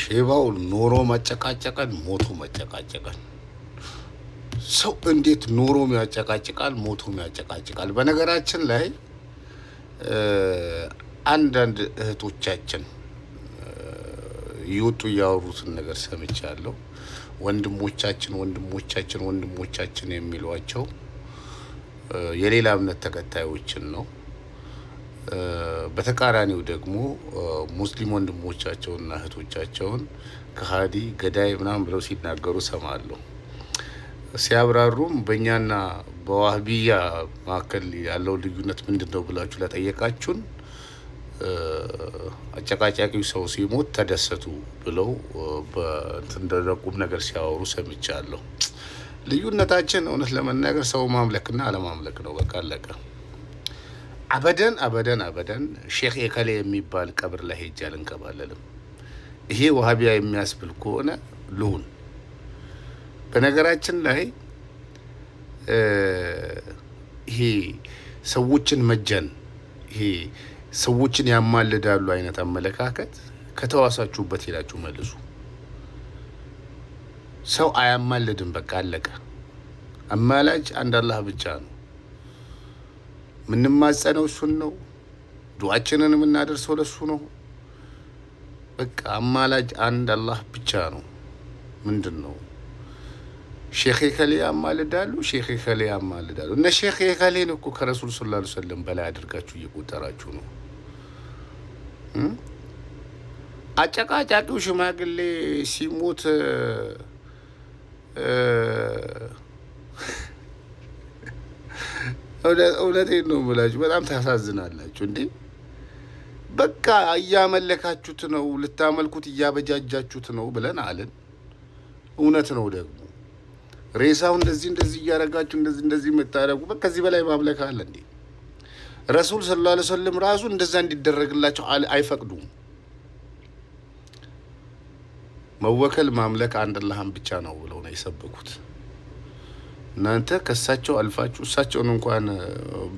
ሼባው ኖሮ መጨቃጨቀን ሞቶ መጨቃጨቀን። ሰው እንዴት ኖሮም ያጨቃጭቃል ሞቶም ያጨቃጭቃል? በነገራችን ላይ አንዳንድ እህቶቻችን እየወጡ እያወሩትን ነገር ሰምቻለሁ። ወንድሞቻችን ወንድሞቻችን ወንድሞቻችን የሚሏቸው የሌላ እምነት ተከታዮችን ነው በተቃራኒው ደግሞ ሙስሊም ወንድሞቻቸውንና እህቶቻቸውን ከሀዲ ገዳይ ምናምን ብለው ሲናገሩ ሰማለሁ። ሲያብራሩም በእኛና በዋህቢያ መካከል ያለው ልዩነት ምንድን ነው ብላችሁ ለጠየቃችሁን አጨቃጫቂው ሰው ሲሞት ተደሰቱ ብለው በትንደረቁም ነገር ሲያወሩ ሰምቻለሁ። ልዩነታችን እውነት ለመናገር ሰው ማምለክና አለማምለክ ነው። በቃ አለቀ። አበደን አበደን አበደን ሼክ የከሌ የሚባል ቀብር ላይ ሄጄ አልንከባለልም። ይሄ ዋሃቢያ የሚያስብል ከሆነ ልሁን። በነገራችን ላይ ይሄ ሰዎችን መጀን፣ ይሄ ሰዎችን ያማልዳሉ አይነት አመለካከት ከተዋሳችሁበት ሄዳችሁ መልሱ። ሰው አያማልድም። በቃ አለቀ። አማላጅ አንድ አላህ ብቻ ነው። የምንማጸነው እሱን ነው። ዱዋችንን የምናደርሰው ለሱ ነው። በቃ አማላጅ አንድ አላህ ብቻ ነው። ምንድን ነው ሼክ ከሌ ያማልዳሉ፣ ሼክ ከሌ ያማልዳሉ። እነ ሼክ ከሌን እኮ ከረሱል ላ ሰለም በላይ አድርጋችሁ እየቆጠራችሁ ነው። አጨቃጫቂው ሽማግሌ ሲሞት እውነቴን ነው የምላችሁ። በጣም ታሳዝናላችሁ እንዴ! በቃ እያመለካችሁት ነው፣ ልታመልኩት እያበጃጃችሁት ነው ብለን አለን። እውነት ነው ደግሞ ሬሳው እንደዚህ እንደዚህ እያደረጋችሁ እንደዚህ እንደዚህ የምታደረጉ ከዚህ በላይ ማምለክ አለ እንዴ? ረሱል ስለ ላ ወሰለም ራሱ እንደዛ እንዲደረግላቸው አይፈቅዱም። መወከል ማምለክ አንድ አላህን ብቻ ነው ብለው ነው የሰበኩት። እናንተ ከእሳቸው አልፋችሁ እሳቸውን እንኳን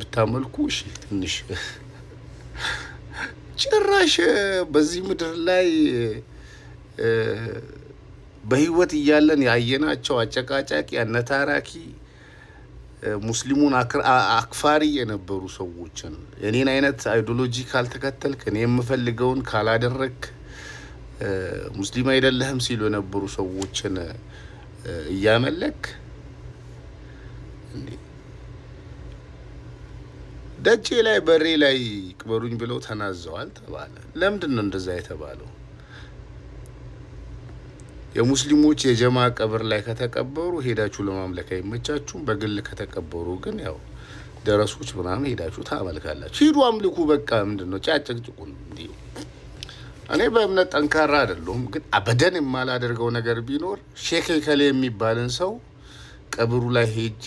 ብታመልኩ እሺ፣ ትንሽ ጭራሽ በዚህ ምድር ላይ በህይወት እያለን ያየናቸው አጨቃጫቂ፣ አነታራኪ፣ ሙስሊሙን አክፋሪ የነበሩ ሰዎችን የኔን አይነት አይዲዮሎጂ ካልተከተልክ እኔ የምፈልገውን ካላደረግክ ሙስሊም አይደለህም ሲሉ የነበሩ ሰዎችን እያመለክ ደጄ ላይ በሬ ላይ ቅበሩኝ ብለው ተናዘዋል ተባለ። ለምንድን ነው እንደዛ የተባለው? የሙስሊሞች የጀማ ቀብር ላይ ከተቀበሩ ሄዳችሁ ለማምለክ አይመቻችሁም። በግል ከተቀበሩ ግን ያው ደረሶች ምናምን ሄዳችሁ ታመልካላችሁ። ሂዱ አምልኩ። በቃ ምንድን ነው ጫጨቅጭቁን? እኔ በእምነት ጠንካራ አይደለሁም፣ ግን አበደን የማላደርገው ነገር ቢኖር ሼክ ከሌ የሚባልን ሰው ቀብሩ ላይ ሄጄ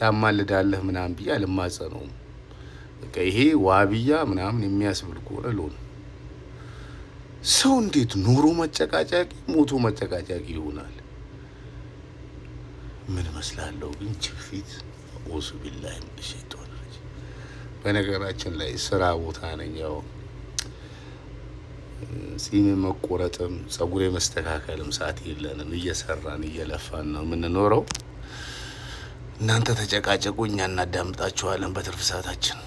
ታማልዳለህ ምናምን ብዬ አልማጸነውም። በቃ ይሄ ዋብያ ምናምን የሚያስብል ከሆነ ሎን ሰው እንዴት ኖሮ መጨቃጫቂ ሞቶ መጨቃጫቂ ይሆናል? ምን መስላለሁ ግን ችፊት ኦሱ ቢላይ ምሽቶነች። በነገራችን ላይ ስራ ቦታ ነኝ። ያው ጺም መቆረጥም ጸጉሬ መስተካከልም ሰዓት የለንም። እየሰራን እየለፋን ነው የምንኖረው። እናንተ ተጨቃጨቁ፣ እኛ እናዳምጣችኋለን በትርፍ ሰዓታችን።